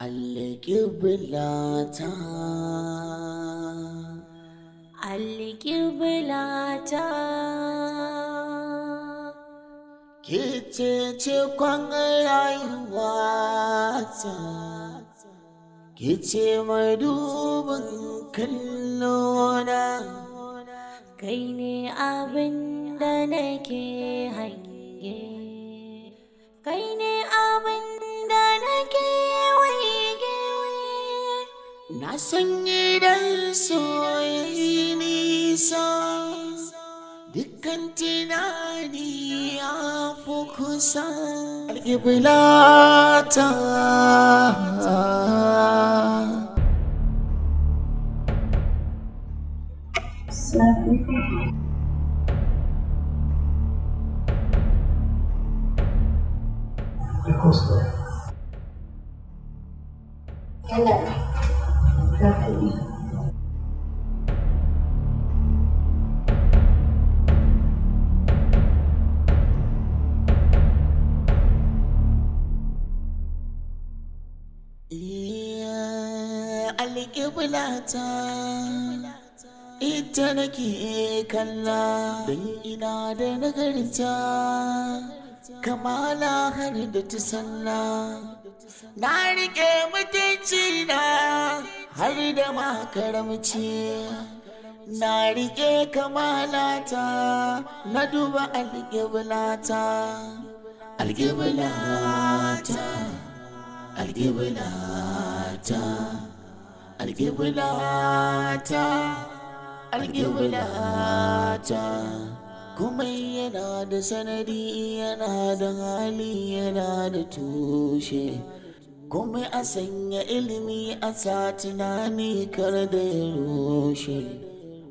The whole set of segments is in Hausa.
alƙiblata alƙiblata ke ce cikon ta. ke ce mai dubin kallona kai ne abin da nake hange kai ne abin na san idan soyayi nisa dukkan tunani ya fi kusa alƙiblata Hello. ta ita nake kalla don ina da nagarta kamala har da ta sanna na riƙe mutunci na har da makaramci na riƙe ta. na duba ta. ta alƙiblata ta. alƙiblata alƙiblata kuma yana da sanadi yana da hali yana da tushe kuma a sanya ilimi a sa tunani kar da ya rushe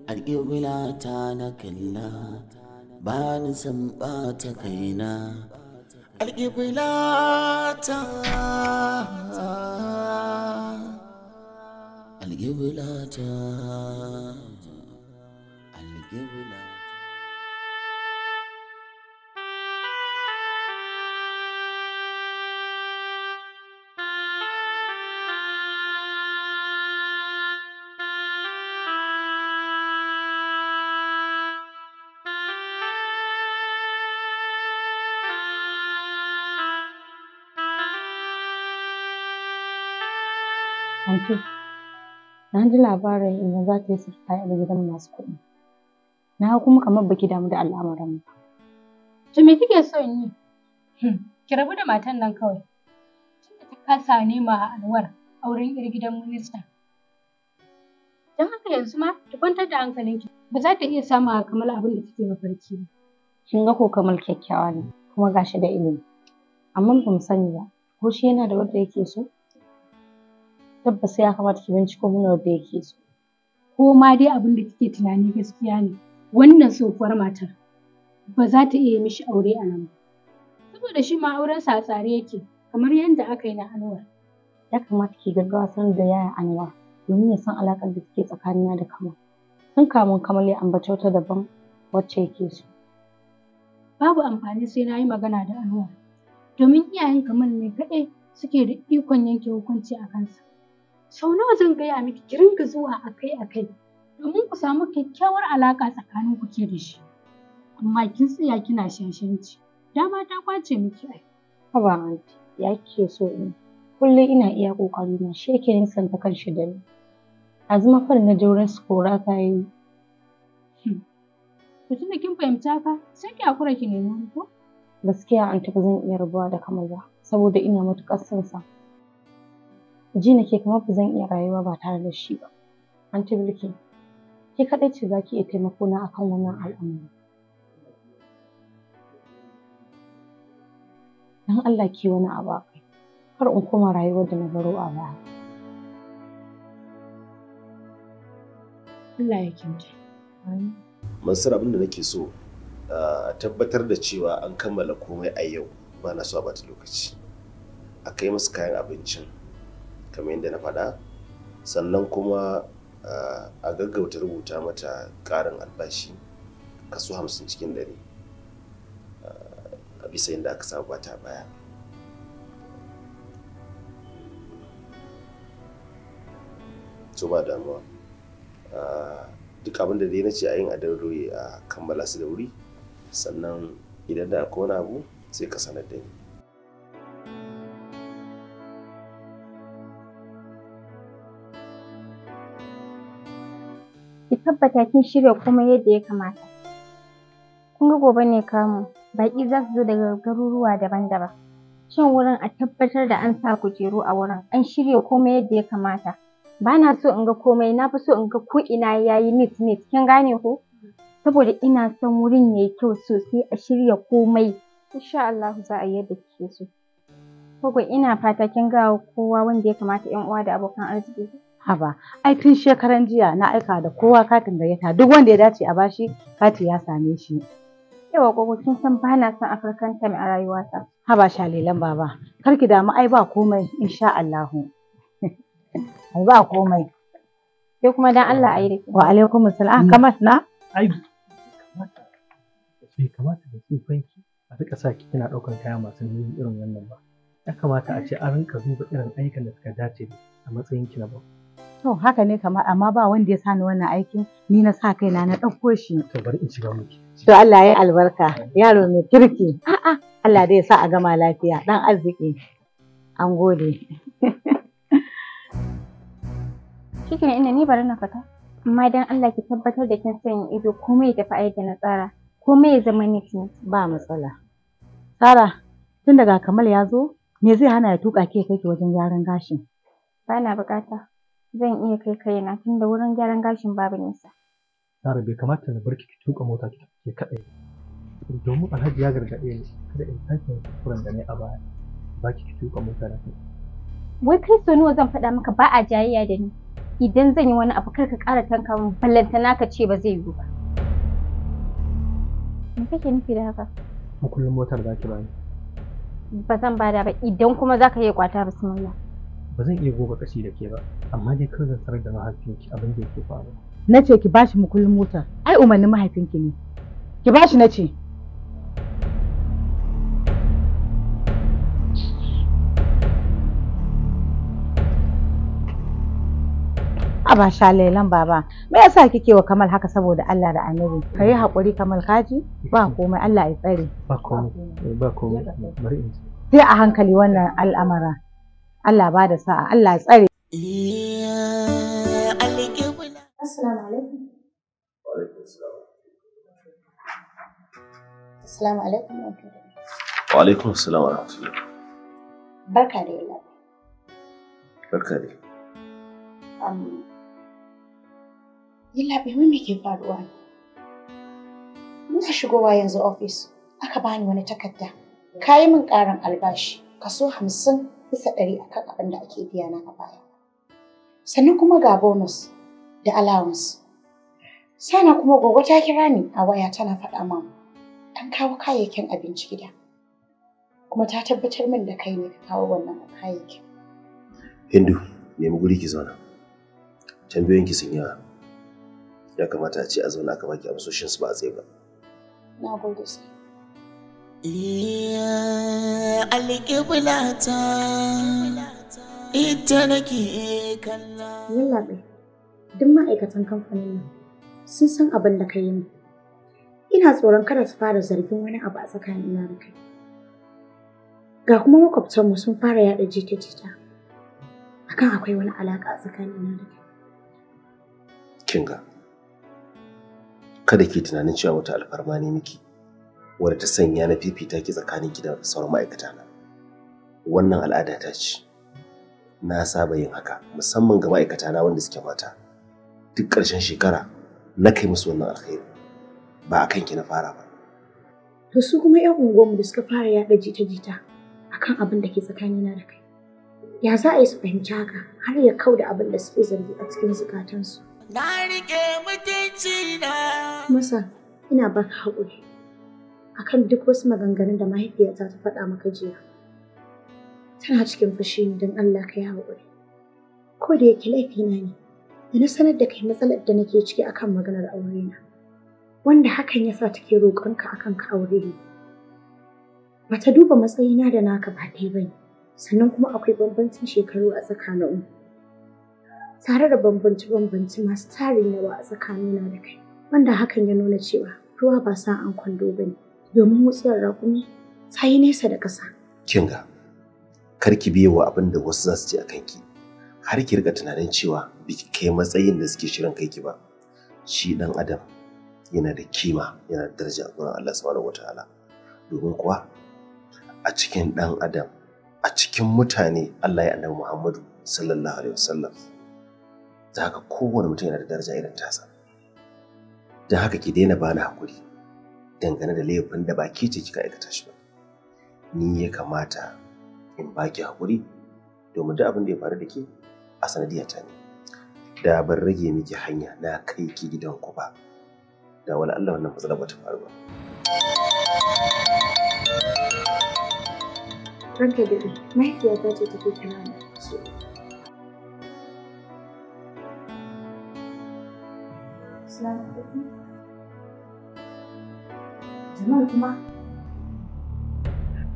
alƙiblata na kalla ba ni san ɓata kaina alƙiblata alƙiblata alƙiblata Na ji labarin inda za ta yi saki a gidan masu kuɗi. Na kuma kamar baki damu da al'amuran mu. To me kike so in yi? Hmm, ki rabu da matan nan kawai. Tunda ta kasa nema a Anwar auren ƴar gidan minista. Don haka yanzu ma ki kwantar da hankalinki. Ba za ta iya samu a kamar abin da kike mafarki ba. Kin ga ko kamar kyakkyawa ne kuma gashi da ilimi. Amma ba mu sani ba ko shi yana da wanda yake so tabbas ya kamata ki binciko mana wanda yake so ko ma dai abin da kike tunani gaskiya ne wannan tsohuwar matar ba za ta iya mishi aure a nan ba saboda shi ma auren sa tsare yake kamar yadda aka yi na Anwar ya kamata ki gaggawa sanar da yaya Anwar domin ya san alaƙar da take tsakanina da Kamal tun kamun Kamal ya ambace ta daban wacce yake so babu amfani sai na yi magana da Anwar domin iyayen Kamal ne kaɗai suke da ikon yanke hukunci a kansa sau nawa zan gaya miki ki ringa zuwa akai-akai domin ku samu kyakkyawar alaƙa tsakanin ku ke da shi. Amma kin tsaya kina shashanci, dama ta kwace miki ai. Haba anti, ya kike so in kullum ina iya ƙoƙari na shi yake kan shi da ni. Azuma fara na jauren su kora ta yi. Ku hmm. tuna kin fahimta ka sai ki hakura ki nemi ko? Gaskiya anti ba zan iya rabuwa da kamar ba saboda ina matuƙar son sa. ji nake kamar ba zan iya rayuwa ba tare da shi ba anti bilki ke kaɗai ce za ki iya taimako na akan wannan al'amari don Allah ki wani abu a kai kar in koma rayuwar da na baro a baya Allah ya kyauta Mansur abin da nake so a ah, tabbatar da cewa an kammala komai a yau ba na so a bata lokaci a kai musu kayan abincin kamar yadda na faɗa sannan kuma a gaggauta rubuta mata ƙarin albashi kaso hamsin cikin ɗari a bisa yadda aka saba ta baya so ba damuwa duk abin da dai na ce a yin adarori a kammala su da wuri sannan idan da akwai abu sai ka sanar da ni tabbata kin shirya komai yadda ya kamata. Kun ga gobe ne kamu, baƙi za su zo daga garuruwa daban-daban. Shin wurin a tabbatar da an sa kujeru a wurin, an shirya komai yadda ya kamata. Ba na so in ga komai, na fi so in ga ko'ina ya yi mit-mit, kin gane ko? Saboda ina son wurin ya yi kyau sosai a shirya komai. Insha Allah za a yi yadda kike so. Koko ina fata kin gawa kowa wanda ya kamata 'yan uwa da abokan arziki. haba ai tun shekaran jiya na aika da kowa katin gayyata duk wanda ya dace a bashi kati ya same shi yawa gogo kin san ba na son afirkan time a rayuwata haba shalilan baba kar ki damu ai ba komai insha Allah ai ba komai sai kuma dan Allah ai wa alaikum assalam ah, hmm. kamar na ai kamata sai kamata da fanki a rika sa ki kina daukar kaya masu nauyi irin wannan ba ya kamata a ce an rinka duba irin ayyukan da suka dace a matsayin ki na babu To haka ne kamar amma ba wanda ya sani wannan aikin ni na sa kaina na ɗauko shi. To bari in shiga miki. To Allah ya albarka yaro mai kirki. A'a Allah dai ya sa a gama lafiya Dan arziki. An gode. Shikin ina ni bari na fita. Amma dan Allah ki tabbatar da kin sanya ido komai ya tafi aiki na tsara komai ya zama niki. Ba matsala. Sara tun daga Kamal ya zo me zai hana ya tuka ke kai wajen gyaran gashin? Ba na zan iya kai kaina tunda wurin gyaran gashin babu nisa. Sara bai kamata na barki ki tuka mota ki ke kaɗai domin Alhaji ya gargaɗe ni kada in sake kuskuren da na a baya ba ki tuka mota na kai. Wai kai so nawa zan faɗa maka ba a jayayya da ni idan zan yi wani abu kar ka ƙara tanka min ballantana ka ce ba zai yiwu ba. Me kake nufi da haka? Makullin motar za ki bani. Ba zan bada ba idan kuma za ka iya kwata bismillah. Ba zan iya goga kashi da ke ba. amma dai kawai zan sanar da mahaifinki abin da yake faru. na ce ki bashi mukullin motar ai umarnin mahaifinki ne ki bashi na ce ba sha lailan baba me yasa kike wa Kamal haka saboda Allah da Annabi kai hakuri Kamal kaji ba komai Allah ya tsare ba komai eh, ba komai bari in sai a hankali wannan al'amara Allah ba da sa'a Allah ya tsare Assalamu alaikum. Wa alaikum salam. Assalamu alaikum wa alaikum salam Barka da yalla. Barka da. Um Yalla bai me ke faruwa ne? shigo wa yanzu office. aka bani wani takarda. Kayi min ƙarin albashi kaso hamsin bisa ɗari akan abin da ake biya na a baya. sannan kuma ga bonus da allowance. Sana kuma gogo ta kira ni a waya tana faɗa min an kawo kayayyakin abinci gida. Kuma ta tabbatar min da kai ne ka kawo wannan kayayyakin. Hindu, nemi guri ki zauna. Tambayoyin ki sun yawa. Ya kamata a ce a zauna aka baki amsoshin su ba a tsaye ba. Na gode sai. Alƙiblata. ita duk ma'aikatan kamfanin nan sun san abin da ka yi mu. Ina tsoron kada su fara zargin wani abu a tsakanin da kai. Ga kuma makwabtanmu sun fara yaɗa jita-jita akan akwai wani alaƙa a tsakanina da kai. Kinga, kada ke tunanin cewa wata alfarma ne miki wadda ta sanya na fifita ki tsakanin ki da sauran na. Wannan al'ada ta ce. na saba yin haka musamman ga ma'aikata na wanda suke mata duk ƙarshen shekara na kai musu wannan alkhairi ba a kanki na fara ba to su kuma yan unguwarmu da suka fara yaɗa jita-jita akan abin da ke na da kai ya za a yi su fahimci haka har ya kau da abin da suke zargi a cikin zukatansu na rike mutunci na masa ina baka haƙuri akan duk wasu maganganun da mahaifiyata ta faɗa maka jiya tana cikin fushi ne don Allah ka yi haƙuri. Ko da yake laifina ne, da na sanar da kai matsalar da nake ciki akan maganar aure na. wanda hakan ya sa take roƙonka akan ka aure ni. Bata duba matsayina da naka ba ɗaya ba sannan kuma akwai bambancin shekaru a tsakaninmu. Tare da bambance-bambance masu tarin yawa a tsakanina da kai, wanda hakan ya nuna cewa ruwa ba sa an kwando ba ne, domin wutsiyar raƙumi ta yi nesa da ƙasa. Kinga. kar ki biye wa abin da wasu za su ce a kanki har ki rika tunanin cewa bi kai matsayin da suke shirin kai ki ba shi dan adam yana da kima yana da daraja a gurin Allah subhanahu wataala domin kuwa a cikin dan adam a cikin mutane Allah ya annabi Muhammadu sallallahu alaihi wasallam da haka kowane mutum yana da daraja irin tasa don haka ki daina bani hakuri dangane da laifin da ba ke ce kika aikata shi ba ni ya kamata in ba ki haƙuri domin duk abin da ya faru da ke a sanadiyar ta ne da ban rage miki hanya na kai ki gidan ku ba da wani Allah wannan matsalar ba ta faru ba ranka da mahaifiyata ce take kira ne. Assalamu alaikum. Jamal kuma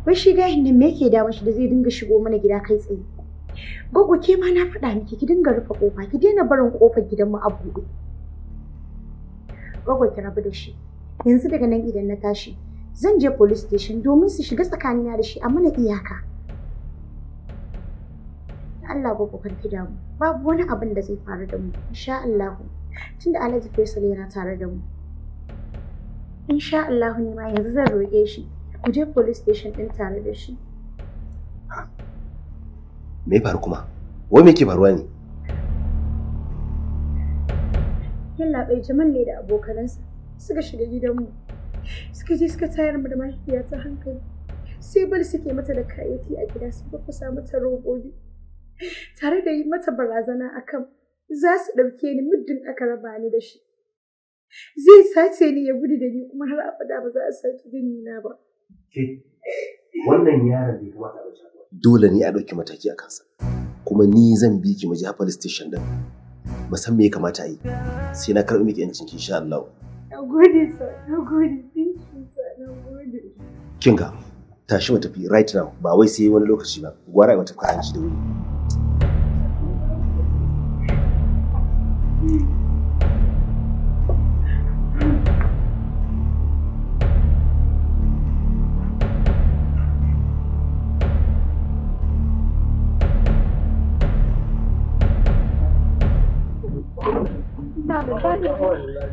wai shi ga nan me yake damun shi da zai dinga shigo mana gida kai tsaye gogo ke ma na faɗa miki ki dinga rufe kofa ki daina barin kofar gidanmu a buɗe gogo ki rabu da shi yanzu daga nan idan na tashi zan je police station domin su shiga tsakanina da shi a mana iyaka Allah gogo kan ki damu babu wani abin da zai faru da mu insha Allah tunda Alhaji Faisal yana tare da mu insha Allah ne ma yanzu zan roƙe shi ku je police station ɗin tare da shi. Me faru kuma? Wai me ke faruwa ne? bai jaman ne da abokanansa suka shiga gidanmu. Suka je suka tayar mu da mahaifiya ta hankali. Sai bari suke mata da kayayyaki a gida ba kusa mata robobi. Tare da yi mata barazana akan za su ɗauke ni muddin aka raba ni da shi. Zai sace ni ya gudu da ni kuma har abada ba za a sake gani na ba. Eh, wannan dole ne a ɗauki mataki a kansa kuma ni zan bi ki mu je police station din ba me ya kamata a yi sai na karɓi miki yancin ki insha Allah nagode sir sa na kinga tashi mu tafi right now ba wai sai wani lokaci ba gwara mata karanci da wuri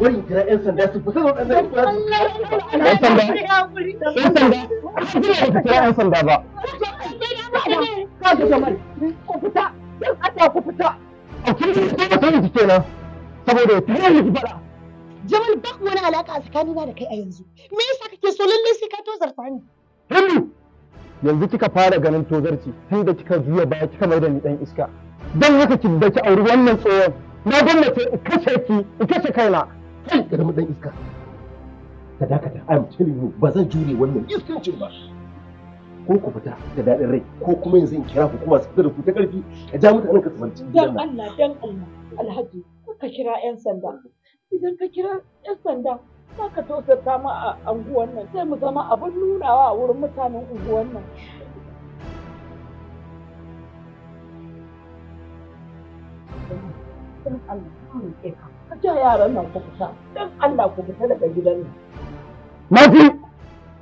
bari kira yan sanda su fita waɗannan yan sanda yan sanda yan sanda yan sanda ba ka ga jamar ku fita yan Allah ku fita a cikin wata kenan saboda tare da fara Jamal ba wani alaka tsakanina da kai a yanzu. Me yasa kake so lalle sai ka tozarta ni? Hindu yanzu kika fara ganin tozarci sai da kika juya baya kika mai da ni ɗan iska. Don haka ki da auri wannan tsohon na gwamnati in kashe ki in kashe kaina kan karamin dan iska ka dakata i'm telling you ba zan jure wannan iskancin ba ko ku fita da daɗin rai ko kuma yanzu in kira ku, kuma su fita da ku ta ƙarfi ka ja mutanen ka su banci dan Allah dan Allah alhaji ka kira yan sanda idan ka kira yan sanda za ka tausata mu a unguwan nan sai mu zama abin nunawa a wurin mutanen unguwan nan Thank you. don Allah ka roƙe ka ka ce yaran nan ku fita don Allah ku fita daga gidan nan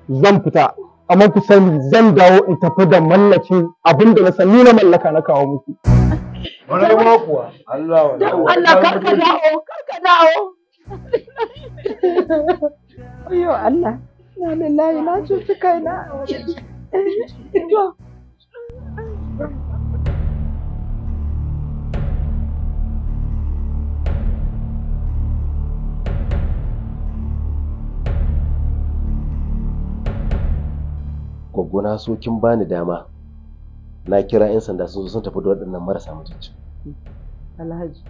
zan fita amma ku sani zan dawo in tafi da mallakin abin da na san na mallaka na kawo muku wani ma kuwa Allah wani don Allah kar ka dawo kar ka dawo ayyo Allah na lillahi na cuci kaina to Gwaggo so kin bani dama. Na kira 'yan sanda sun zo sun tafi da waɗannan marasa mutunci. Alhaji,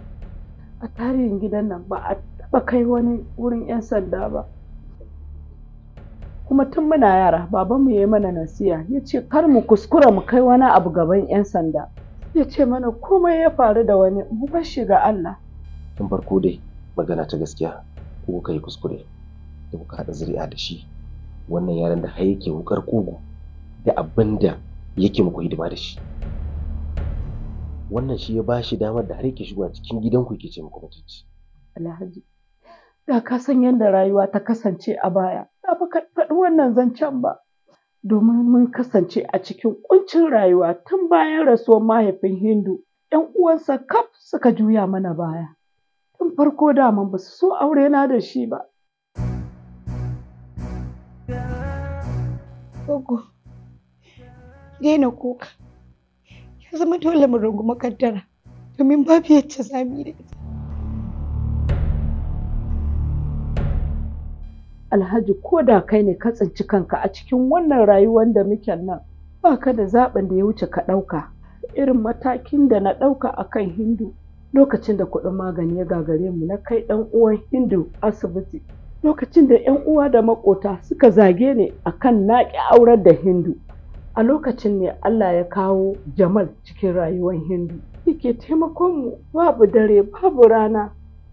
a tarihin gidan nan ba a taɓa kai wani wurin 'yan sanda ba. Kuma tun muna yara babanmu ya yi mana nasiha, ya ce kar mu kuskura mu kai wani abu gaban 'yan sanda. Ya ce mana komai ya faru da wani mu bar ga Allah. Tun farko dai magana ta gaskiya ko kuka yi kuskure da kuka haɗa zuri'a da shi wannan yaron da har yake wukar kugu. da abinda da yake muku hidima da shi wannan shi ya ba shi damar da har yake shigowa cikin gidanku yake ce muku mutunci alhaji da ka san yadda rayuwa ta kasance a baya na fi faɗi wannan zancen ba domin mun kasance a cikin ƙuncin rayuwa tun bayan rasuwar mahaifin hindu ‘yan uwansa kaf suka juya mana baya tun farko daman ba su so aure na da shi ba Gogo. daina kuka ya zama dole mu rungumi makaddara domin babu yadda za mu yi da ita. Alhaji ko da kai ne ka tsinci kanka a cikin wannan rayuwar da muke nan ba ka da zaɓin da ya wuce ka ɗauka irin matakin da na ɗauka a kan hindu lokacin da kuɗin magani ya gagare mu na kai ɗan uwan hindu asibiti lokacin da 'yan uwa da makota suka zage ni kan naƙi aurar da hindu a lokacin ne Allah ya kawo Jamal cikin rayuwar Hindu. Yake taimakon mu babu dare babu rana.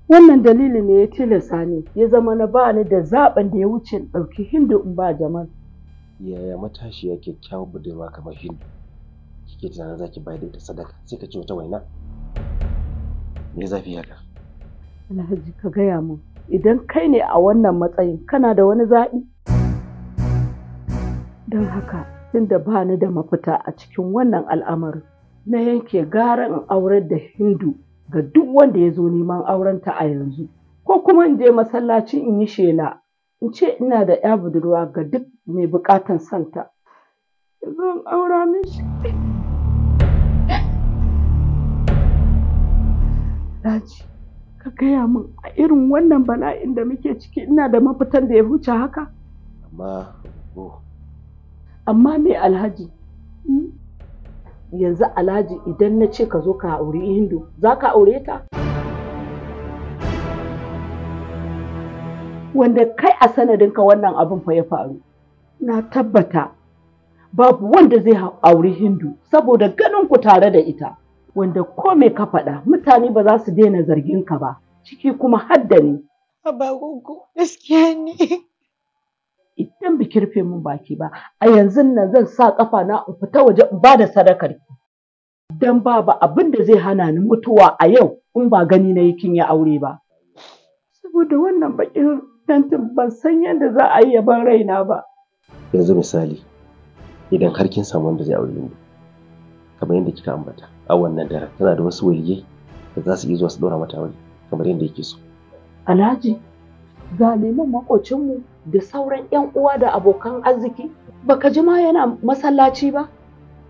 Wannan dalilin ne ya tilasta ni ya zama na ba ni da zaɓin da ya wuce ɗauki Hindu in ba Jamal. Yaya matashi ya kyakkyawar budurwa kamar Hindu? Kike tunanin za ki bayar da ita sadaka sai ka ci wata waina? Me zafi haka? Alhaji ka gaya min idan kai ne a wannan matsayin kana da wani zaɓi? Don haka tunda ba ni da mafita a cikin wannan al'amarin na yanke gara in aurar da hindu ga duk wanda ya zo neman aurenta a yanzu ko kuma in je masallaci in yi shela in ce ina da ya budurwa ga duk mai bukatan santa zan aura daji ka gaya min a irin wannan bala'in da muke ciki ina da mafitan da ya wuce haka amma oh, amma mai alhaji hmm? yanzu alhaji idan na ce ka zo ka auri hindu za ka aure ta wanda kai a sanadinka wannan abin fa ya faru na tabbata babu wanda zai auri hindu saboda ganin ku tare da ita wanda ko mai ka faɗa mutane ba za su daina zargin ka ba ciki kuma haddani. Abagogo gaskiya ne. idan biki rufe min baki ba a yanzu nan zan sa kafa na in fita waje in ba da sadakar ki dan babu abin da zai hana ni mutuwa a yau in ba gani na kin ya aure ba saboda wannan bakin tantin ban san yadda za a yi ban raina ba yanzu misali idan har kin samu wanda zai aure ni kamar yadda kika ambata a wannan daren tana da wasu waliyai da za su yi zuwa su dora mata aure kamar yadda yake so alhaji makocin makocinmu da sauran 'yan uwa da abokan arziki baka ji ma yana masallaci ba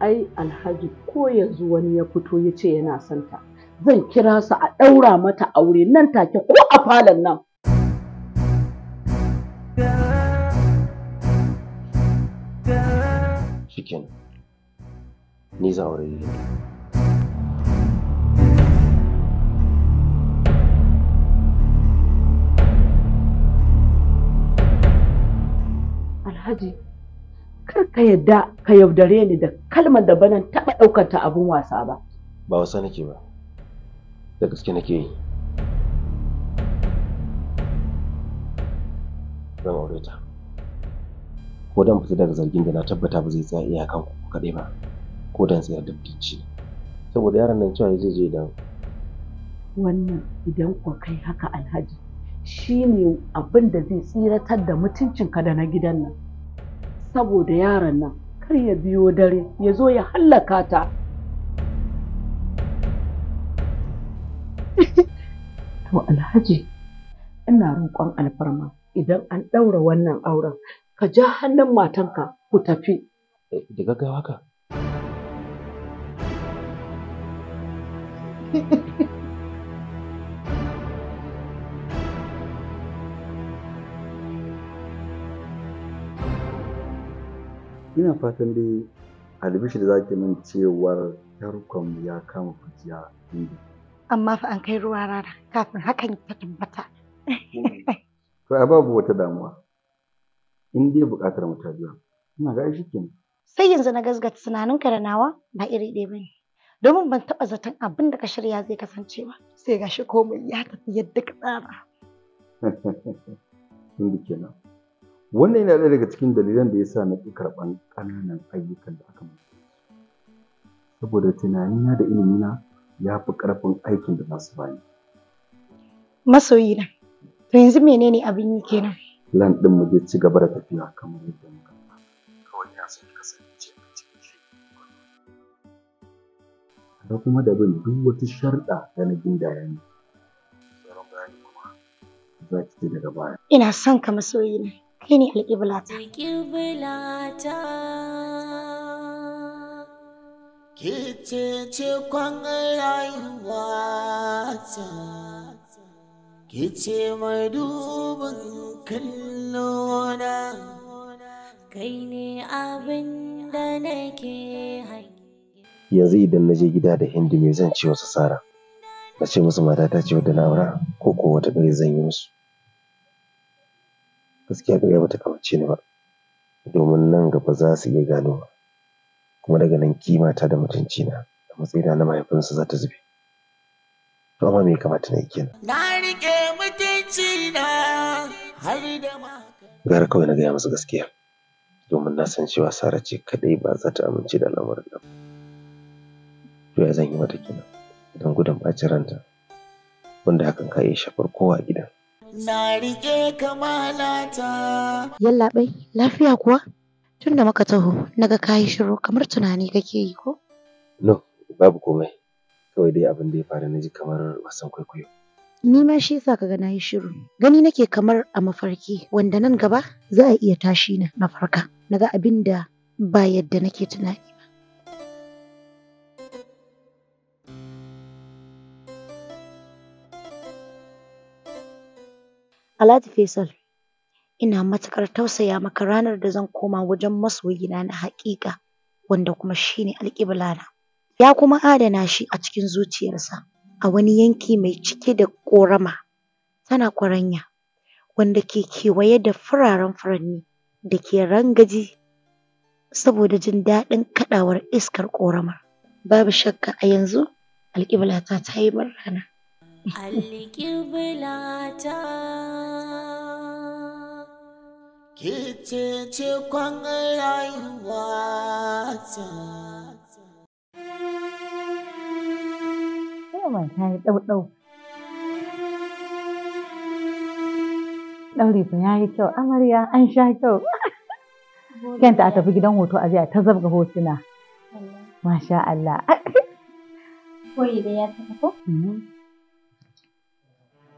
ai alhaji ko yanzu wani ya fito ya ce yana santa zan kira su a ɗaura mata aure nan take ko a falon nan shikin ni zaure ne. Alhaji, kar ka yadda ka yaudare ni da kalmar da banan taɓa ɗaukar ta abin wasa ba. Ba wasa nake ba, da gaske nake yi. Zan aure ta. Ko dan fita daga zargin da na tabbata ba zai tsaya iyakan ku kaɗai ba, ko dan tsayar da bici. Saboda yaron nan cewa zai je dan. Wannan idan ku kai haka Alhaji, shi ne abin da zai tsiratar da mutuncinka da na gidan nan. saboda yaron nan kar ya biyo dare ya zo ya hallaka ta to alhaji ina roƙon alfarma idan an ɗaura wannan auren ka ja hannun matanka ku tafi eh, da gaggawa ka ina fatan dai albishir za ki min cewar mu ya kama kujiya inda. Amma fa an kai ruwa rara, kafin hakan ta tabbata. To a babu wata damuwa. In dai buƙatar mu ta biya. Ina ga shi kenan. Sai yanzu na gazgata tunaninka da nawa ba iri ɗaya bane. Domin ban taɓa zaton abin da ka shirya zai kasance ba. Sai gashi komai ya tafi yadda ka tsara. Inda kenan. wannan yana ɗaya daga cikin dalilan da ya sa na ƙi karɓan ƙananan ayyukan da aka mutu saboda tunanina da ilimina ya fi ƙarfin aikin da za su bani masoyina to yanzu menene abin yi kenan Lan ɗin mu zai ci gaba da tafiya kamar yadda muka kawai ya san kasance a cikin shi da kuma da bin duk wata sharɗa da na gindaya ne za ki ci daga baya ina son ka masoyina kai ne alƙiblata. Alƙiblata. kice mai dubin kallona, kai ne abin da nake hangi. Yanzu idan na je gida da hindi mai zan ce wasu Sara, na ce musu ta ce wadda na ko ko wata ɗare zan yi musu. gaskiya ƙarya bata kamace ni ba domin nan gaba za su iya gano ba kuma daga nan kimata da mutunci na a matsayina na mahaifinsu za ta zube to amma me kamata na yi kenan na rike mutunci na har da ma gara kawai na gaya musu gaskiya domin na san cewa Sara ce kadai ba za ta amince da al'amarin nan to ya zan yi mata kenan don gudun ɓacin ranta wanda hakan ka iya shafar kowa a gidan na rike kamalata. Yallaɓai, lafiya kuwa? Tun da muka taho, naga kayi shiru kamar tunani kake yi ko? No, babu komai. Kawai dai abin da ya faru na ji kamar wasan kwaikwayo. Ni ma shi yasa kaga na yi shiru. Gani nake kamar a mafarki wanda nan gaba za a iya tashi na na Naga abin da ba yadda nake tunani. Alhaji Faisal, ina matuƙar tausaya maka ranar da zan koma wajen masoyina na haƙiƙa wanda kuma shi ne na. Ya kuma adana shi a cikin zuciyarsa a wani yanki mai cike da ƙorama tana ƙwaranya, wanda ke kewaye da fararen furanni da ke rangaji saboda jin daɗin kaɗawar iskar ƙoramar. Babu shakka a yanzu alƙiblata ta yi rana. alƙiblata ke ce cikon rayuwata yawa ta yi ɗauɗau ɗaure fa ya yi kyau amarya an sha kyau kenta a tafi gidan hoto a jiya ta zabga hotuna masha Allah koyi da ya saka ko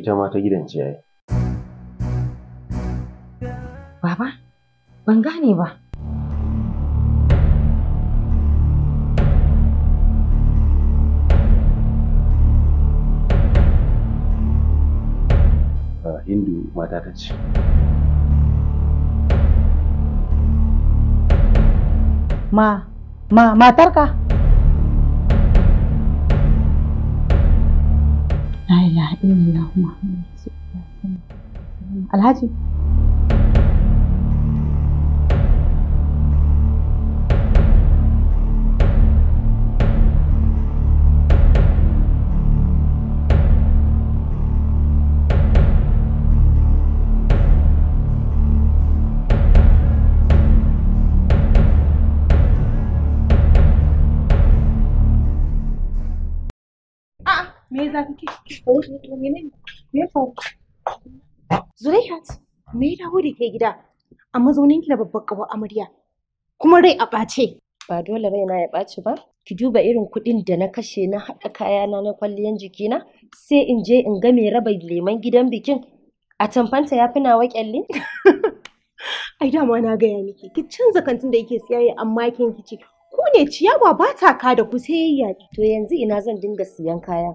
ita ma ta gidan ciyayi. Baba, ban gane ba. Ah, Hindu mata ta ce. Ma, ma, matarka? La Alhaji me Zulaihat me ya dawo da ke gida a mazaunin ki da babbar kawo amarya kuma rai a ɓace ba dole raina ya ɓaci ba ki duba irin kuɗin da na kashe na haɗa kayana na kwalliyan jikina sai in je in ga mai raba leman gidan bikin a tamfanta ya fi nawa kyalli ai dama na gaya miki ki canza kantin da yake siyayya amma kin kici ku ne ciyawa ba ta ka da ku sai yayi to yanzu ina zan dinga siyan kaya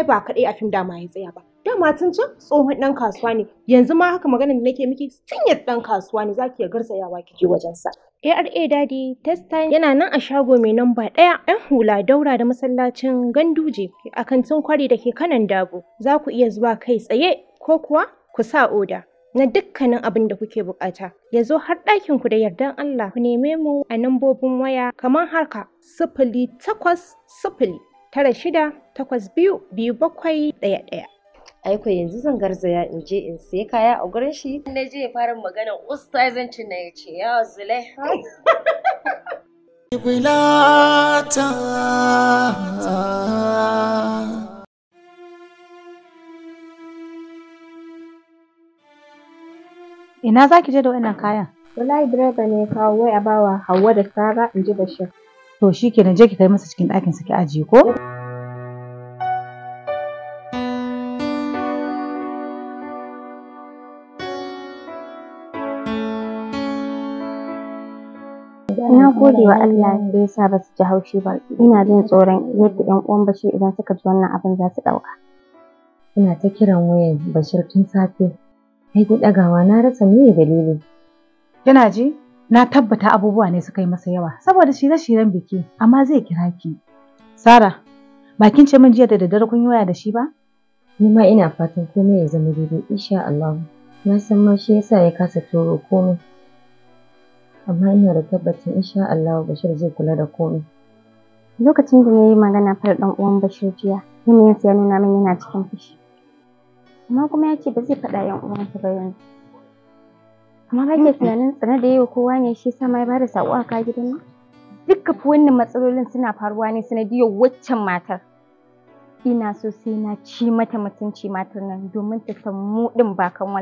ai ba kaɗai a fim dama ya tsaya ba dama tun can tsohon ɗan kasuwa ne yanzu ma haka maganar da nake miki sinyar ɗan kasuwa ne zaki ya garzayawa kike wajen sa ARA Daddy test time yana nan a shago mai namba ɗaya ‘yan hula daura da masallacin ganduje a kantin kwari da ke kanan dabo za ku iya zuwa kai tsaye ko kuwa ku sa oda na dukkanin abin da kuke bukata ya zo har ɗakin ku da yardan Allah ku neme mu a nambobin waya kamar haka sifili takwas sifili tara shida takwas biyu biyu bakwai ɗaya ɗaya. Aiko yanzu zan garzaya in je in sai kaya a gurin shi. Na je fara magana ustazancin na ya ce yawa zulai. Jubilata. Ina za ki je da wannan kayan? Wallahi direba ne ya kawo wai a bawa Hauwa da Sara in ji Bashir. to shi na je ki kai masa cikin ɗakin sa ki aji ko Na gode wa Allah da ya sa ba su ji haushi ba. Ina jin tsoron yadda ‘yan uwan Bashir idan suka ji wannan abin za su ɗauka. Ina ta kiran wayan Bashir tun safe. Kai ɗagawa na rasa niyyar dalili. Kina ji? na tabbata abubuwa ne suka yi masa yawa saboda shirye-shiryen biki amma zai kira ki sara bakin ce min jiya da daddare kun yi waya da shi ba ni ma ina fatan komai ya zama daidai insha Allah na san ma shi yasa ya kasa toro komai amma ina da tabbacin insha Allah Bashir zai kula da komai lokacin da yayi magana far dan uwan Bashir jiya yanayin ya nuna min yana cikin fushi amma kuma ya ce ba zai faɗa yan uwansa ba yanzu Amma ba ke tunanin tsana da yau kowa ne shi sama ya bada saƙo a ka gidan nan? Dukka fi wannan matsalolin suna faruwa ne sanadiyar waccan matar. Ina so sai na ci mata mutunci matar nan domin ta san mu bakan ba kan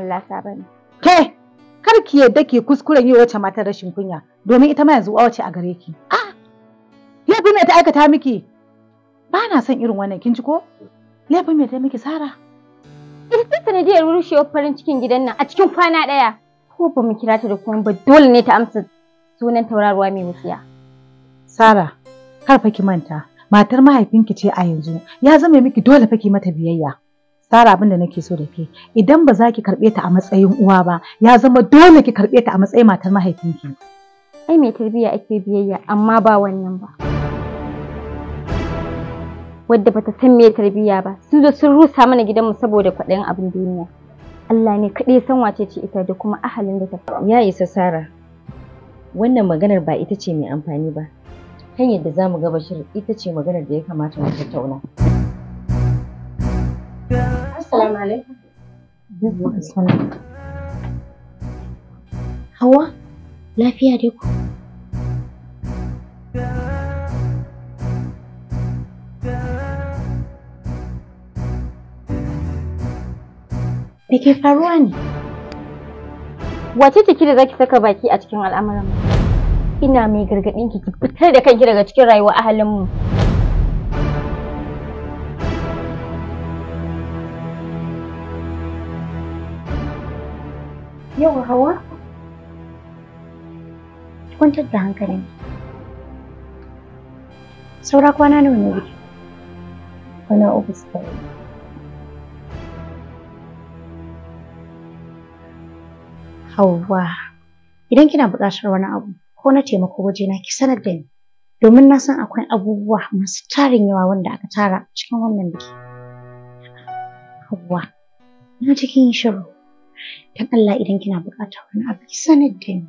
ba ne. Ke! Kar ki yadda ke kuskuren yi wacce matar rashin kunya domin ita ma yanzu wace ce a gare ki. A! Ah! Laifin me ta aikata miki? Ba na son irin wannan kin ji ko? Laifin me ta miki Sara? Ita ta sanadiyar rushewar farin cikin gidan nan a cikin kwana ɗaya. ko ba mu kira ta da kuma ba dole ne ta amsa sunan tauraruwa mai wutsiya. Sara, kar fa ki manta, matar mahaifinki ce a yanzu, ya zama miki dole fa ki mata biyayya. Sara abin da nake so da ke, idan ba za ki karɓe ta a matsayin uwa ba, ya zama dole ki karɓe ta a matsayin matar mahaifinki. Ai mai tarbiyya ake biyayya amma ba wannan ba. Wadda bata san me tarbiyya ba, sun zo sun rusa mana gidanmu saboda kwaɗayin abin duniya. Allah ne kaɗai san wace ce ita da kuma ahalin da ta ya isa Sara wannan maganar ba ita ce mai amfani ba hanyar da zamu ga Bashir ita ce maganar da ya kamata mu tattauna Assalamu alaikum Hawa lafiya dai ku Me ke faruwa ne? Wace ciki da zaki saka baki a cikin al'amuran mu? Ina mai gargaɗin ki ki fitar da kanki daga cikin rayuwar ahalin mu. Yau hawa? Kwantar da hankalin. Saura kwana nawa ne biki? Kwana uku suka yi. Hauwa, idan kina buƙatar wani abu ko na taimako wajena ki sanar da ni. Domin na san akwai abubuwa masu tarin yawa wanda aka tara cikin wannan biki. Hauwa, na cikin shiru. Don Allah idan kina buƙatar wani abu ki sanar da ni.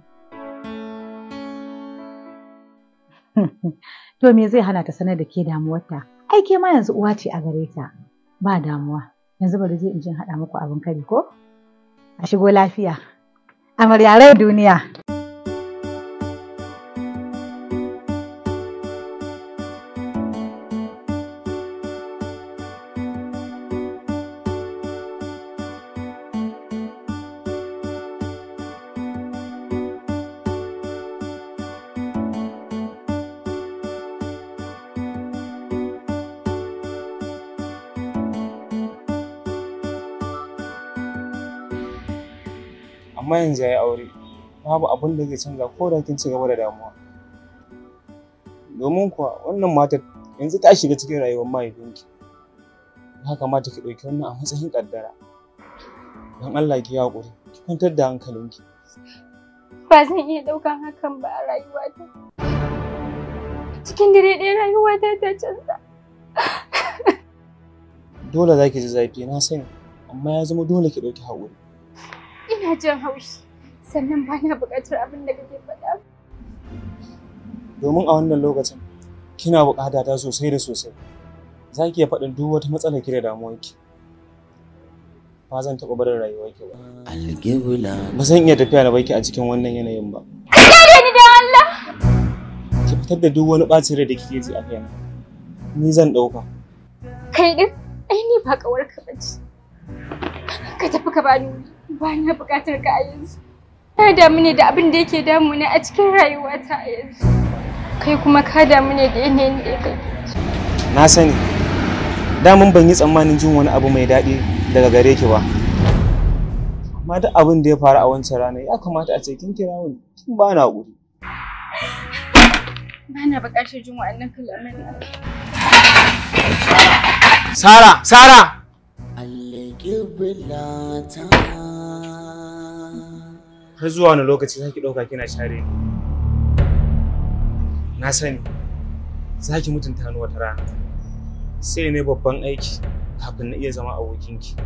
To me zai hana ta sanar da ke damuwarta? Ai ke ma yanzu uwa ce a gare ta. Ba damuwa. Yanzu bari zai in haɗa muku abin kari ko? A shigo lafiya. Amaliale Dunia. bayan ya yi aure babu abin da zai canza ko da kin ci gaba da damuwa domin kuwa wannan matar yanzu ta shiga cikin rayuwar mahaifinki ya kamata ki ɗauki wannan a matsayin ƙaddara don Allah ki haƙuri ki kwantar da hankalinki ba zan iya ɗaukan hakan ba a rayuwata cikin dare ɗaya rayuwata ta canza dole za ki ji zafi na sani amma ya zama dole ki ɗauki haƙuri Ina jin haushi sannan ba na buƙatar abin da kake faɗa. Domin a wannan lokacin kina buƙata ta sosai da sosai. Za ki iya faɗin duk wata matsala ki da damuwarki. Ba zan taɓa barin rayuwarki ba. Algebula. Ba zan iya tafiya da baki a cikin wannan yanayin ba. Ka kare ni da Allah. Ki fitar da duk wani ɓacin rai da kike ji a kaina. Ni zan ɗauka. Kai ɗin, ai ni ba ƙawarka ba ce. Ka tafi ka bani wuri. ba na buƙatar ka a yanzu Ka damu ne da abin da yake damu na a cikin rayuwata a yanzu kai kuma ka damu ne da yanayin da yake na sani damun ban yi tsammanin jin wani abu mai daɗi daga gare ki ba amma duk abin da ya faru a wancan rana ya kamata a ce kin kira wani kin ba na haƙuri ba na buƙatar jin wa'annan kalaman Sara, Sara! Allah har zuwa wani lokaci za ki ɗauka kina share ni na sani za ki mutunta ni wata rana sai ne babban aiki kafin na iya zama abokinki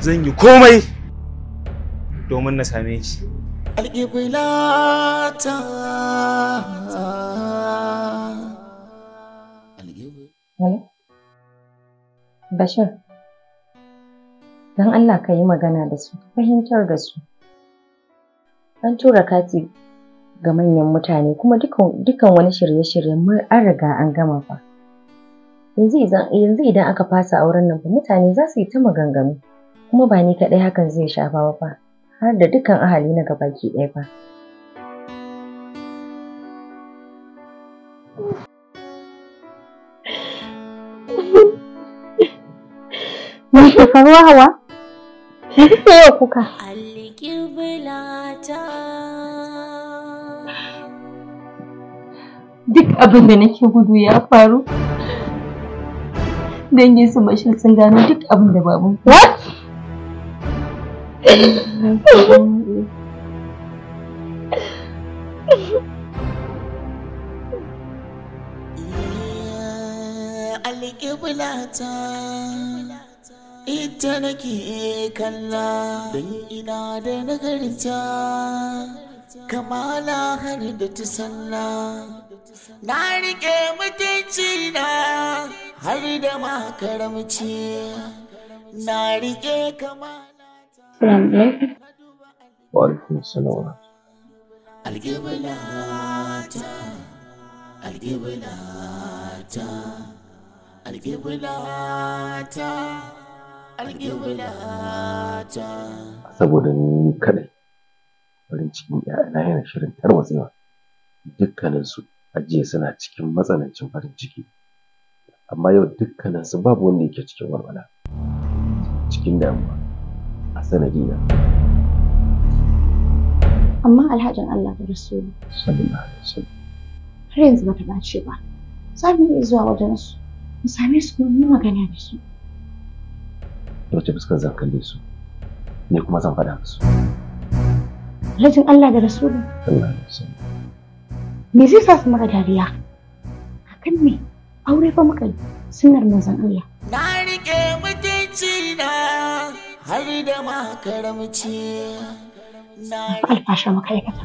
zan yi komai domin na same ki Hello? Bashir. don Allah ka yi magana da su fahimtar da su an tura kati ga manyan mutane kuma dukan wani shirye-shiryen mun an riga an gama fa yanzu idan aka fasa auren nan fa mutane za su yi ta maganganu kuma ba ni kaɗai hakan zai shafa ba fa har da dukan ahali na gabaki ɗaya ba. Me ke hawa? Me kike yau kuka? Duk abin da nake gudu ya faru. Dangin su mashin sun gano duk abin da babu. What? Alƙiblata ita nake kalla don ina da nagarta kamala har da ta salla na rike mutunci na har da makaramci na rike kamala ta alƙiblata alƙiblata alƙiblata saboda ni kadai farin cikin ‘ya'yana yana shirin tarwatsewa dukkaninsu ajiye suna cikin matsanancin farin ciki amma yau dukkaninsu babu wanda yake cikin walwala cikin damuwa a sanadina amma alhajin Allah da Rasulu har yanzu bata bace ba za mu iya zuwa wajensu mu same su kuma mu magana da su da ce fuskar zan kalle su ne kuma zan faɗa musu rajin Allah da Rasulu. Allah da me zai sa su maka dariya akan me aure fa muka sunar manzon Allah na rike mutunci na har da makaramci na alfasha maka kata.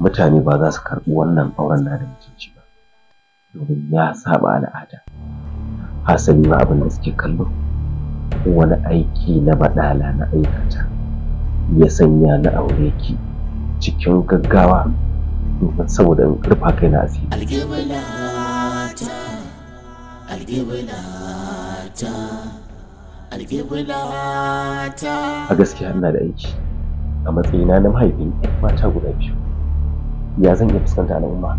mutane ba za su karɓi wannan auren na da mutunci ba domin ya saba al'ada hasali ma abin da suke kallo wani aiki na baɗala na aikata ya sanya na aure ki cikin gaggawa domin saboda in karfa kai na asiri. Algibulata, A gaskiya ina da aiki a matsayina na mahaifin mata guda biyu. Ya zan iya fuskanta al'umma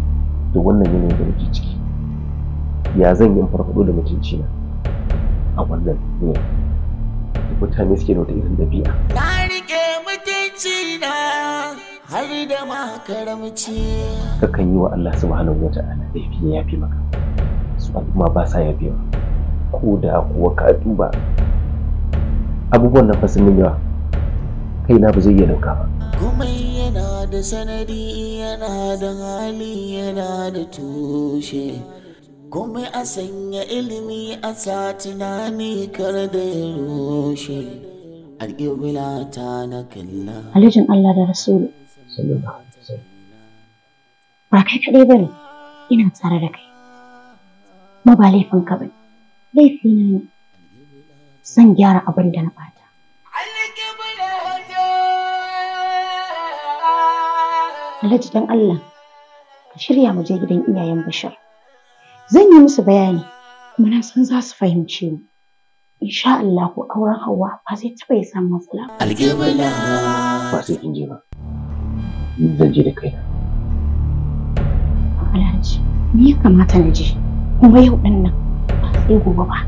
da wannan yanayin da muke ciki. Ya zan yi da mutuncina a wannan yanayin. mutane suke da wata irin dabi'a na rike mutunci na har da makaramci kakan yi wa Allah subhanahu wa ta'ala yafi ya fi maka su al'umma ba sa yabewa ko da kuwa ka duba abubuwan na fasin yawa kaina ba zai iya dauka ba. Gumai yana da sanadi yana da hali yana da tushe. kuma a sanya ilimi a sa tunani kar da rushe alƙibila ta na kalla alijin Allah da rasulu ba kai kaɗai ba ina tsare da kai ma ba laifin ka laifi na ne zan gyara abin da na ɓata Alhaji dan Allah, ka shirya mu je gidan iyayen Bashir. Zan yi musu bayani kuma na san za su fahimce mu. Insha Allah ko auren Hauwa ba zai taɓa ya samu matsala. Alƙibla. Ba sai kin je ba. zan je da kaina. Alhaji, me ya kamata na je? Kuma yau din nan ba sai gobe ba.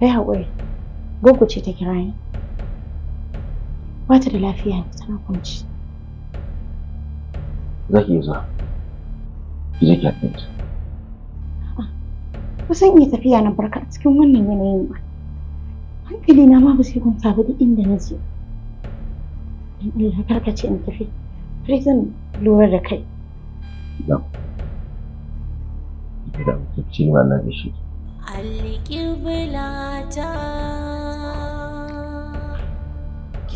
Kai haƙuri, Gogo ce ta kira ni. Ba ta da lafiya ne tana kwanci. zaki iya zuwa ki je ki ah, haɗin ta. Ba zan iya tafiya na barka a cikin wannan yanayin ba. Hankali na ma ba sai kun ba da inda na je. Don Allah karka ce in tafi. Kai zan lura da kai. Idan. Ita da mutunci ne wannan da shi. Alƙibla ta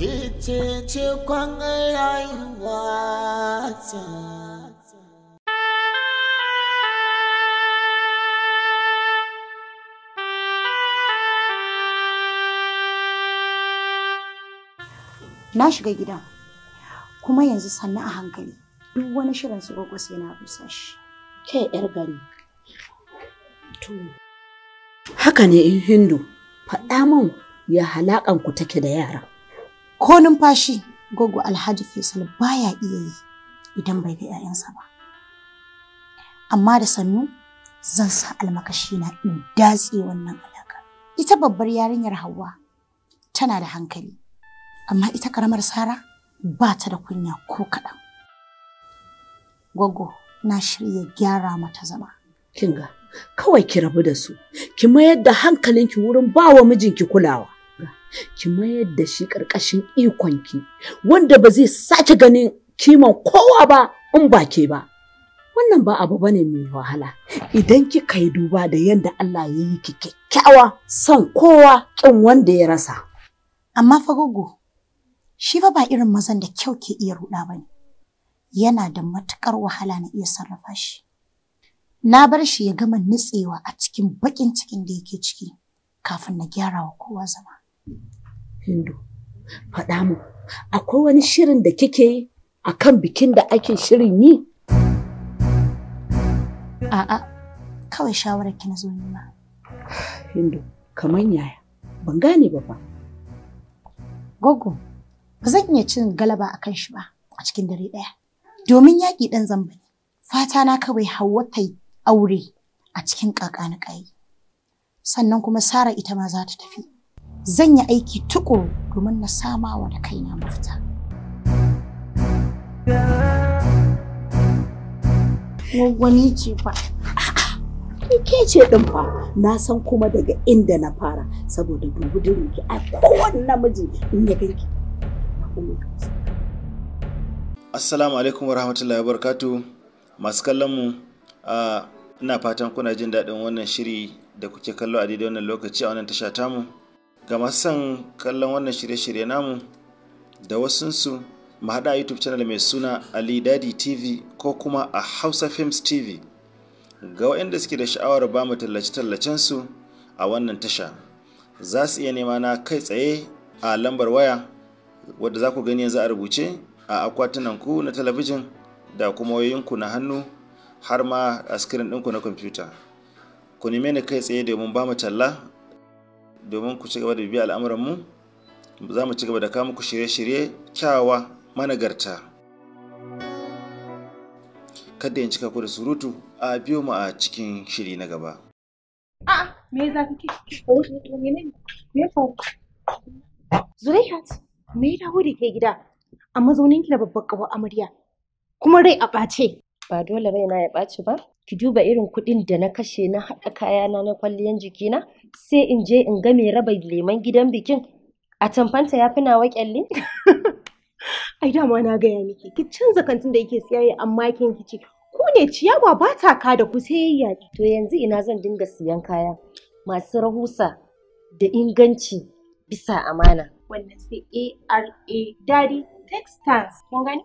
ke ce kwan rayuwa ta na shiga gida kuma yanzu sannu a hankali duk wani shirin su gogo sai na rusa shi kai yar gari to haka ne in hindu faɗa min ya halakan ku take da yara ko numfashi gogo alhaji faisal baya iya yi idan bai ga 'ya'yansa ba amma da sannu zan sa almakashi na in datse wannan alaka ita babbar yarinyar hawa tana da hankali amma ita karamar sara ba ta da kunya ko kaɗan gogo na shirya gyara mata zama kinga kawai ki rabu da su ki mayar da hankalinki wurin bawa mijinki kulawa ki mayar da shi ƙarƙashin ikonki wanda ba zai sake ganin kiman kowa ba in ba ke ba. Wannan ba abu bane mai wahala idan kika yi duba da yadda Allah ya yi ki kyakkyawa son kowa ƙin wanda ya rasa. Amma fa gogo, shi fa ba irin mazan da kyau ke iya ruɗa ba ne. Yana da matukar wahala na iya sarrafa shi. Na bar shi ya gama nutsewa a cikin baƙin cikin da yake ciki kafin na gyara wa kowa zama. Hindu, faɗa mu, akwai wani shirin da kike yi a kan bikin da ake shirin yi? A'a, kawai shawarar ki na zo nema. Hindu, kamar yaya, ban gane ba fa. Gogo, ba zan iya cin galaba a kan shi ba a cikin dare ɗaya. Domin yaƙi ɗan zamba ne, fata na kawai hawa ta aure a cikin ƙaƙa Sannan kuma Sara ita ma za ta tafi. zan yi aiki tukuru domin na sama wa da kaina mafita. Wani ce fa. Ke ce ɗin fa, na san kuma daga inda na fara saboda dubu dubu ki a kowane namiji in ya ganki. Assalamu alaikum wa rahmatullahi wa barakatu masu kallon mu ina fatan kuna jin daɗin wannan shiri da kuke kallo a daidai wannan lokaci a wannan tasha tamu. ga masu son kallon wannan shirye-shirye namu da wasunsu mu haɗa youtube channel mai suna ali dadi tv ko kuma a hausa films tv ga waɗanda suke da sha'awar ba mu tallace su a wannan tasha za su iya nema na kai tsaye a lambar waya wadda za ku gani yanzu a rubuce a akwatunan ku na talabijin da kuma wayoyinku na hannu har ma a skirin ɗinku na kwamfuta ku neme ni kai tsaye domin ba mu talla domin ku ci gaba da bibiyar al'amuranmu za mu ci gaba da kama ku shirye-shirye kyawawa managarta kada in cika ku da surutu a biyo mu a cikin shiri na gaba a me za ka me zulaihat me ya dawo da ke gida a mazauninki da babbar ƙawar amarya kuma rai a ɓace ba dole raina ya ɓaci ba ki duba irin kuɗin da na kashe na haɗa kayana na kwalliyan jikina sai in je in ga mai raba leman gidan bikin a tamfanta ya fi nawa ƙyalli ai dama na gaya miki ki canza kantin da yake siyayya amma kin ci. ku ne ciyawa ba ta ka da ku sayayya to yanzu ina zan dinga siyan kaya masu rahusa da inganci bisa amana wannan sai ARA Daddy Textiles kun gani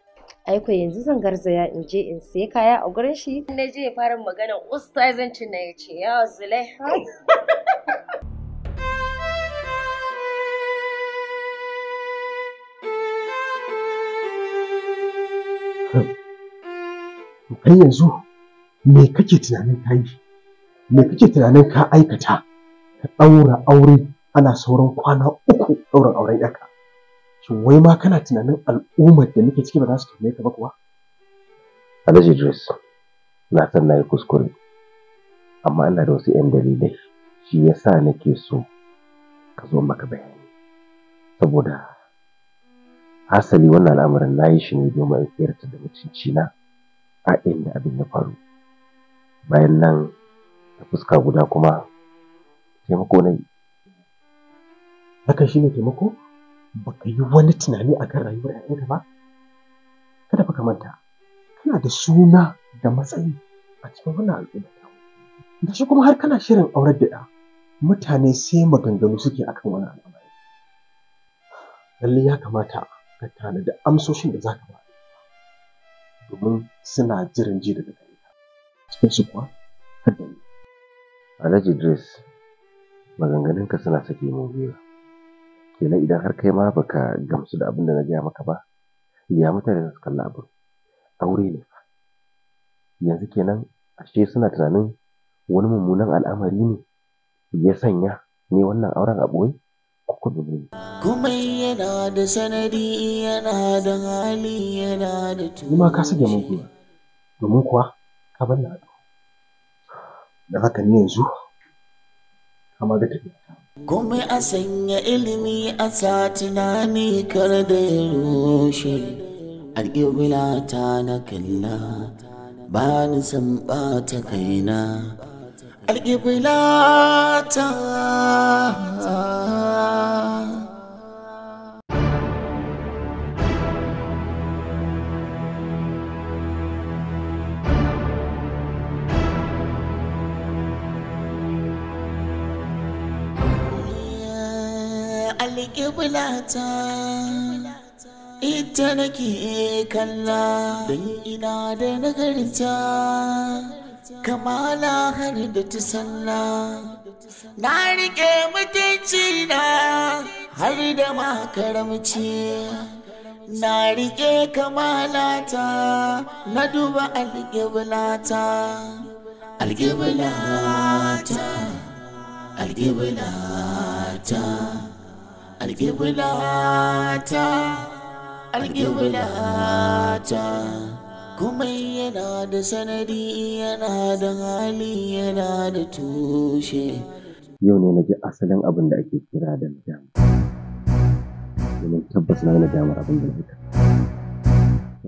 aiko yanzu zan garzaya in je in sai kaya a gurin shi na je fara magana ustazancin na ya ce ya zulai kai yanzu me kake tunanin ka yi me kake tunanin ka aikata ka ɗaura aure ana sauran kwana uku ɗaurin auren yaka to wai ma kana tunanin al'ummar da muke ciki ba za su tuhume ka ba kuwa alhaji idris na san na yi kuskure amma ina da wasu 'yan dalilai shi yasa nake so ka zo maka bayani saboda hasali wannan al'amarin na yi shi ne domin in tsirta da mutunci na a inda abin ya faru bayan nan ta fuska guda kuma taimako na yi shi ne taimako baka yi wani tunani akan rayuwar ‘ya'yanka ba kada fa ka manta kana da suna da matsayi a cikin wannan al'umma da shi kuma har kana shirin aurar da ɗa mutane sai maganganu suke akan wani al'amari lallai ya kamata ka tanadi amsoshin da za ka ba domin suna jiran ji daga gare ka cikin su kuwa har da ni Alhaji Idris maganganunka suna sake mu gwiwa kenan idan har kai ma baka gamsu da abin da na gaya maka ba ya mutane za su kalli abin aure ne yanzu kenan ashe suna tunanin wani mummunan al'amari ne ya sanya ne wannan auren a ɓoye kuma yana da sanadi yana da hali yana da tuni ma ka sage mun kuwa domin kuwa ka bar na da haka ne yanzu kama ga tafiya Kuma a sanya ilimi a sa tunani kar da ya rushe, alƙibla ta na kalla ba ni san ɓata kaina. Alƙibla ta. alƙiblata ita nake kalla don ina da nagarta kamala har da ta sanna na riƙe mutunci na har da makaramci na riƙe ta, na duba alƙiblata alƙiblata alƙiblata alƙiblata alƙiblata kuma yana da sanadi yana da hali yana da tushe yau ne na ji asalin abin da ake kira da nadama domin tabbas na nadamar abin da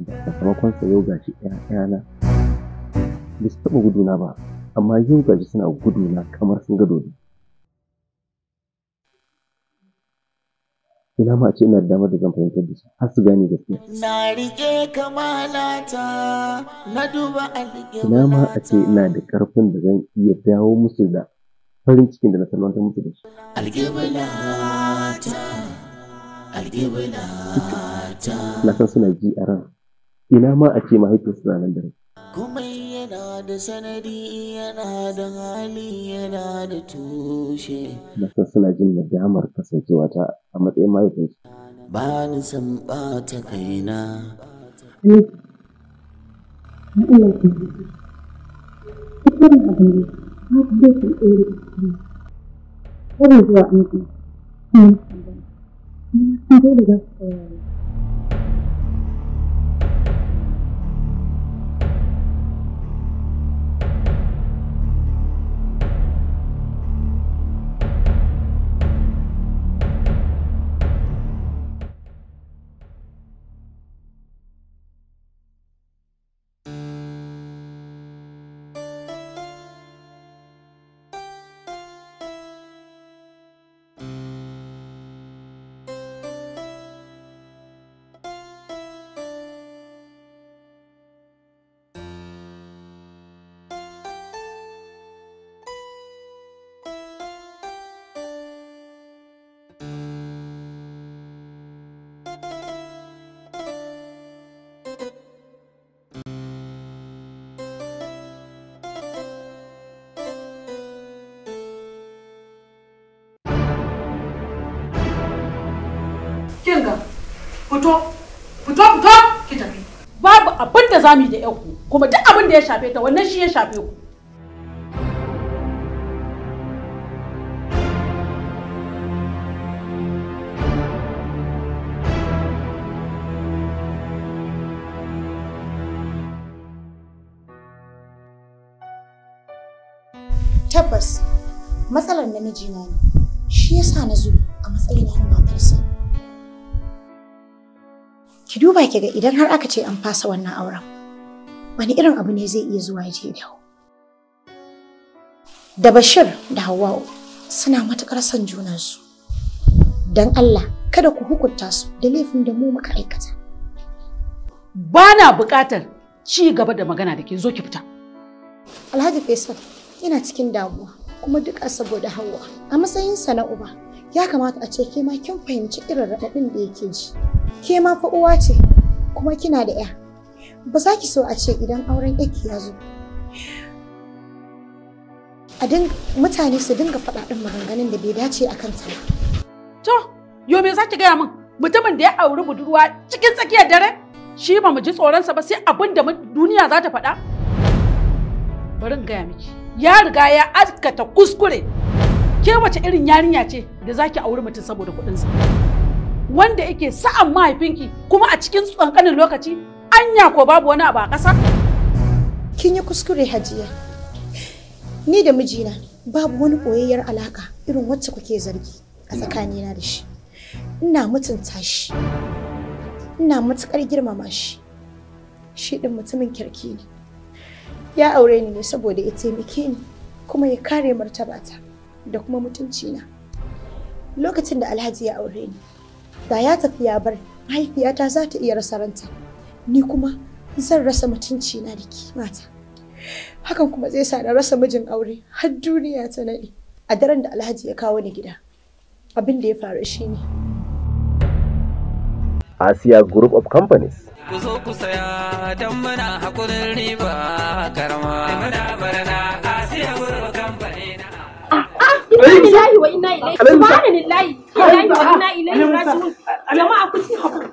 na sakamakon sa yau gashi ɗaya ba su taɓa guduna ba amma yau gashi suna guduna kamar sun ga dodo ina ma ce ina da damar da zan fahimtar da shi. har su gane gaskiya na rike kamalata na duba ina ma a ce ina da karfin da zan iya dawo musu da farin cikin da na salwantar musu da shi na san suna ji a ran ina ma a ce mahaifiyarsu na nan da rai da sanadi yana da hali yana da tushe nasan suna jin damar kasancewa ta a matsayin mahaifinsu ba ni san ɓata kaina Thank eh, you. za da yanku kuma duk abin da ya shafe ta wannan shi ya shafe ku tabbas matsalar namiji na ne shi yasa na zo a matsayin na matarsa ki duba ki ga idan har aka ce an fasa wannan auren wani irin abu ne zai iya zuwa je dawo da bashir da Hauwa suna matuƙar son junansu don allah kada ku hukunta su da laifin da mu muka aikata ba na buƙatar ci gaba da magana da ke zo ki fita alhaji faisal ina cikin damuwa kuma duk a saboda hawa a matsayinsa na uba ya kamata a ce ke ma kin fahimci irin raɗaɗin da yake ji ke ma fa uwa ce kuma kina da 'ya ba za ki so a ce idan auren yake ya zo mutane su dinga faɗaɗin maganganun da bai dace a kanta ba. To, yo me za ki gaya min mutumin da ya auri budurwa cikin tsakiyar dare? Shi ba mu ji tsoronsa ba sai abin da duniya za ta faɗa? Bari gaya miki, ya riga ya askata kuskure. Ke wace irin yarinya ce da za ki auri mutum saboda kuɗinsa? Wanda yake sa'an mahaifinki kuma a cikin tsankanin lokaci hanya ko babu wani abu a ƙasa? Kin yi kuskure hajiya. Ni da mijina babu wani koyayyar alaka irin wacce kuke zargi a tsakanina da shi. Ina mutunta shi. Ina matuƙar girmama shi. Shi ɗin mutumin kirki ne. Ya aure ni ne saboda ya taimake ni kuma ya kare martabata da kuma mutuncina. Lokacin da Alhaji ya aure ni, da ya tafi ya bar mahaifiyata za ta iya rasa ranta. ni kuma zan rasa mutunci na da kimata hakan kuma zai sa na rasa mijin aure har duniya ta naɗi, a daren da alhaji ya kawo ni gida abin da ya faru shine Asia Group of Companies ku zo ku saya don muna hakurin riba muna Group of Companies ah, wa subhanallahi wa jama'a ku ci hakuri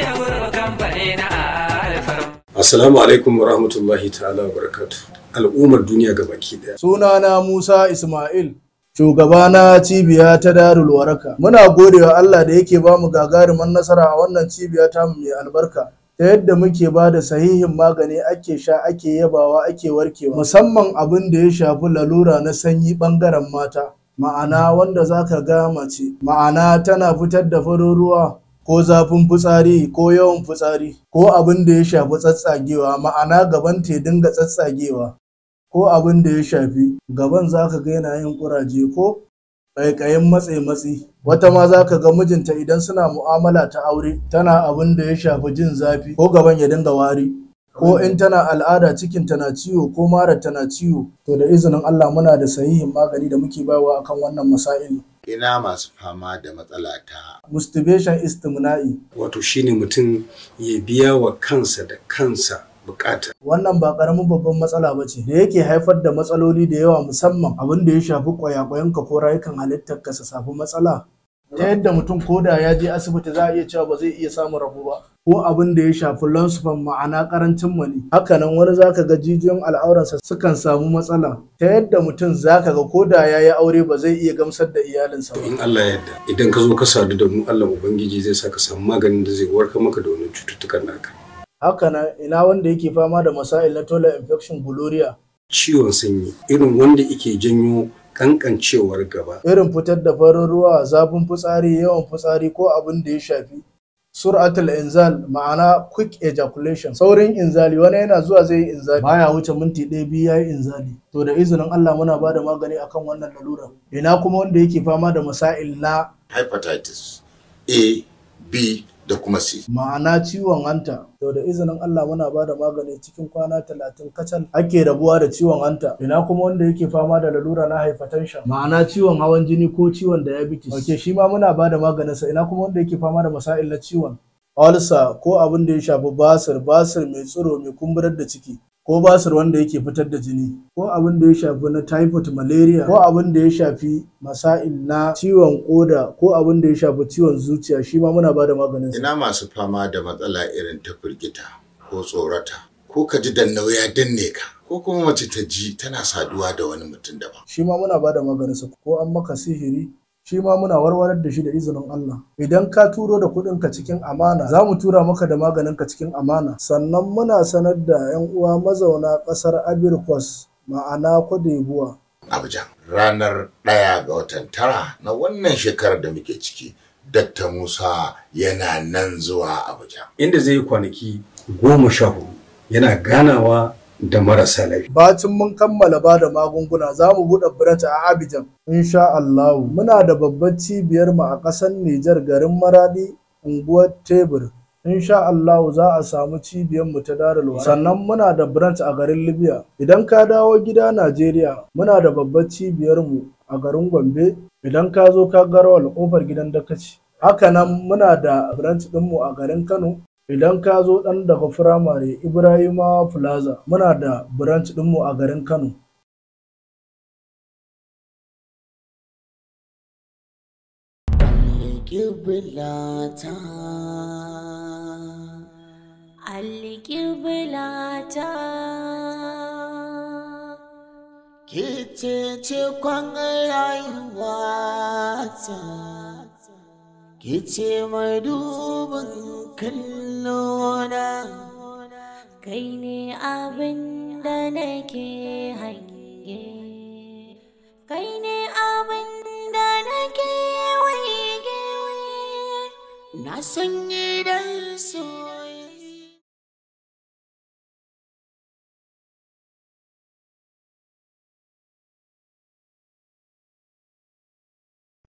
siya Assalamu alaikum wa rahmatullahi ta'ala wa barakatu. Al'ummar duniya ga baki daya. Sunana Musa Ismail. Shugaba na cibiya ta Darul Waraka. Muna godewa Allah da yake ba mu gagarumin nasara a wannan cibiya ta mu mai albarka. ta yadda muke ba da sahihin magani ake sha ake yabawa ake warkewa musamman abin da ya shafi lalura na sanyi bangaren mata ma'ana wanda za ka ga mace ma'ana tana fitar da farin ruwa ko zafin fitsari ko yawan fitsari ko abin da ya shafi tsatsagewa ma'ana gaban ta dinga tsatsagewa ko abin da ya shafi gaban za ka ga yana yin kuraje ko ƙaiƙayin matse-matsi wata ma za ka ga mijinta idan suna mu'amala ta aure tana abin da ya shafi jin zafi ko gaban ya dinga wari ko in tana al'ada cikin tana ciwo ko mara tana ciwo to da izinin Allah muna da sahihin magani da muke bawa akan wannan masail ina masu fama da matsala ta masturbation istimna'i wato shine mutum ya biya wa kansa da kansa bukata wannan ba karamin babban matsala ba ce da yake haifar da matsaloli da yawa musamman abin da ya shafi kwayakwayanka ko rayukan halittar ka su safi matsala ta yadda mutum ko da ya je asibiti za a iya cewa ba zai iya samun rabo ba ko abin da ya shafi lansufan ma'ana karancin mani hakanan wani zaka ga jijiyoyin al'auransa sukan samu matsala ta yadda mutum zaka ga ko da ya yi aure ba zai iya gamsar da iyalinsa ba in Allah ya yarda idan ka zo ka sadu da mu Allah ubangiji zai saka samu maganin da zai warkar maka da wannan cututtukan naka hakanan ina wanda yake fama da masail na tola infection gloria ciwon sanyi irin wanda yake janyo kankancewar gaba. Irin fitar da farin ruwa, zafin fitsari, yawan fitsari ko abin da ya shafi. Suratul inzal ma'ana quick ejaculation. Saurin inzali wani yana zuwa zai inzali. Baya wuce minti ɗaya biyu ya yi inzali. To da izinin Allah muna ba da magani akan wannan lalura. Ina kuma wanda yake fama da masail na hepatitis A, B, da kuma si. Ma'ana ciwon hanta. Yau da izinin Allah muna ba da magani cikin kwana talatin kacal ake rabuwa da ciwon hanta. Ina kuma wanda yake fama da lalura na hypertension. Ma'ana ciwon hawan jini ko ciwon diabetes. Ok shi ma muna ba da maganinsa. Ina kuma wanda yake fama da masa'il na ciwon. Olsa ko abin da ya shafi basir basir mai tsiro mai kumburar da ciki. ko basir wanda yake fitar da jini ko abin da ya shafi na typhoid malaria ko abin da ya shafi masa'in na ciwon koda ko abin da ya shafi ciwon zuciya shi ma muna bada maganin ina masu fama da matsala irin ta firgita ko tsorata ko ka ji danna ya danne ka ko kuma mace ta ji tana saduwa da wani mutum daban shi ma muna bada maganin ko an maka sihiri shi ma muna warwarar da shi da izinin Allah idan ka turo da kuɗin ka cikin amana za mu tura maka da maganin ka cikin amana sannan muna sanar da yan uwa mazauna ƙasar Abirkos ma'ana Kwadebuwa Abuja ranar ɗaya ga watan tara na wannan shekarar da muke ciki Dr. Musa yana nan zuwa Abuja inda zai yi kwanaki goma sha yana ganawa da marasa lafiya. Bacin mun kammala ba da magunguna za mu buɗe birata a Abidjan. Insha Allah. Muna da babbar cibiyar mu a ƙasar Nijar garin Maradi unguwar Tebur. Insha Allah za a samu cibiyar mu ta Darul Sannan muna da branch a garin Libya. Idan ka dawo gida Najeriya muna da babbar cibiyar mu a garin Gombe. Idan ka zo ka garwal kofar gidan Dakaci. Haka nan muna da branch ɗinmu a garin Kano. Idan ka zo ɗan daga firamare Ibrahima Plaza muna da branch ɗinmu a garin Kano. Alƙiblata Alƙiblata Ki ce cikon rayuwata Ki ce mai dubin kallona kai ne abin da nake hange kai ne abin da nake waige na sanye da so